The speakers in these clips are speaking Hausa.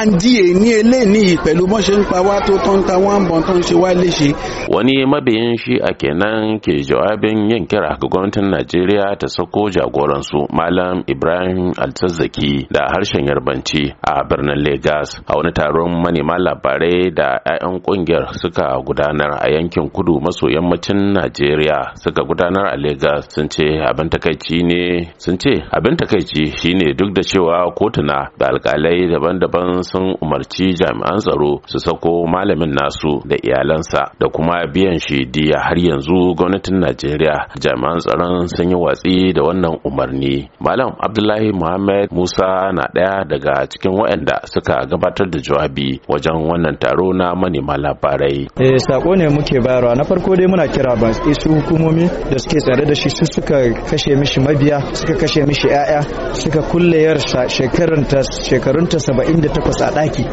andiye ní eléyìí pẹ̀lú bọ́n ṣe ń pa wá tó tán ta wọ́n bọ̀ tán ṣe wá léṣe. wani mabiyin shi a kenan ke jawabin yin kira ga gwamnatin najeriya ta sako jagoransu malam ibrahim altazzaki da harshen yarbanci a birnin Lagos, a wani taron manema labarai da 'ya'yan ƙungiyar suka gudanar a yankin kudu maso yammacin najeriya suka gudanar a Lagos. sun ce abin takaici ne sun ce abin takaici shine duk da cewa kotuna da alkalai daban-daban sannan sun umarci jami'an tsaro su sako malamin nasu da iyalansa da kuma biyan shi diya har yanzu gwamnatin najeriya jami'an tsaron sun yi watsi da wannan umarni malam abdullahi muhammad musa na ɗaya daga cikin waɗanda suka gabatar da jawabi wajen wannan taro na manema labarai eh sako ne muke bayarwa na farko dai muna kira ba su hukumomi da suke tsare da shi su suka kashe mishi mabiya suka kashe mishi 'ya'ya suka kulle yarsa shekarunta 78 takwas a ɗaki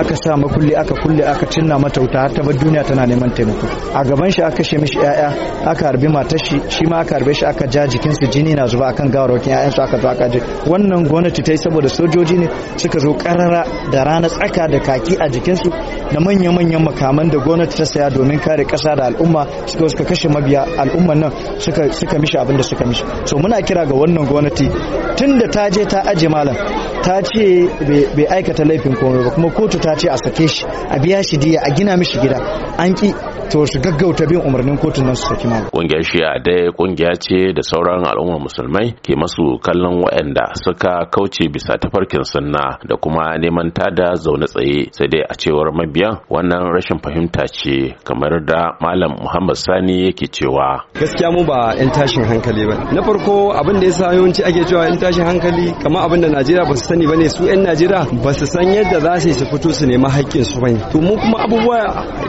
aka sa makulli aka kulle aka cinna mata wuta har ta bar duniya tana neman taimako a gaban shi aka kashe mishi ƴaƴa aka harbi matar shi shi ma aka harbe shi aka ja jikin su jini na zuba akan gawarwakin ƴaƴan su aka zo aka je wannan gwamnati ta yi saboda sojoji ne suka zo karara da rana tsaka da kaki a jikin su da manya-manyan makaman da gwamnati ta saya domin kare ƙasa da al'umma suka suka kashe mabiya al'umman nan suka suka mishi abin da suka mishi so muna kira ga wannan gwamnati tunda ta je ta aje malam ta ce bai aikata laifin komai ba kuma kotu ta ce a sake shi a biya shi diya a gina mishi gida an ki to su gaggauta bin umarnin kotun nan su saki malam kungiyar shi'a dai kungiya ce da sauran al'ummar musulmai ke masu kallon waɗanda suka kauce bisa tafarkin sunna da kuma neman da zaune tsaye sai dai a cewar mabiyan wannan rashin fahimta ce kamar da malam muhammad sani yake cewa gaskiya mu ba 'yan tashin hankali ba na farko abin da ya sa yawanci ake cewa 'yan tashin hankali kamar abin da najeriya ba su sani ba ne su 'yan najeriya ba su san yadda za su fito su nema haƙƙin su ba to mu kuma abubuwa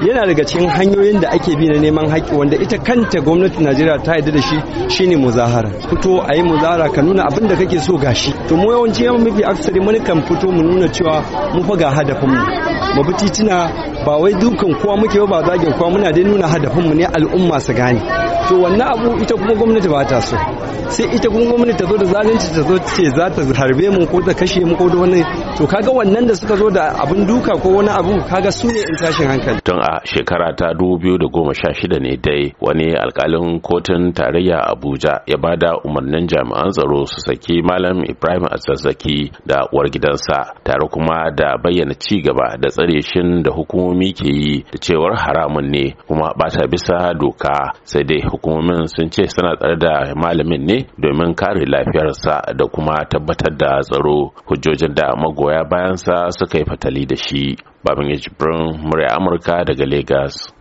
yana daga cikin hanyoyin hanyoyin da ake bi na neman haƙƙi wanda ita kanta gwamnatin Najeriya ta yarda da shi shine muzahara fito a yi muzahara ka nuna abin da kake so gashi to mu yawanci mafi aksari mun kan fito mu nuna cewa mu fa ga hadafin mu bi titina ba wai dukan kowa muke ba zagin kowa muna dai nuna mu ne al'umma su gane to wannan abu ita kuma gwamnati ba ta so sai ita kuma gwamnati ta zo da zalunci ta zo ce za ta harbe mu ko ta kashe mu ko da wani to kaga wannan da suka zo da abin duka ko wani abu kaga su ne in tashin hankali tun a shekara ta 2016 ne dai wani alkalin kotun tarayya Abuja ya bada umarnin jami'an tsaro su saki malam Ibrahim Azazzaki da uwar gidansa tare kuma da bayyana ci gaba da tsare shin da hukumomi ke yi da cewar haramun ne kuma bata bisa doka sai dai hukumomin sun ce suna tsare da malamin ne domin kare lafiyarsa da kuma tabbatar da tsaro hujjojin da magoya bayansa suka yi fatali da shi babin jibrin murya amurka daga Legas.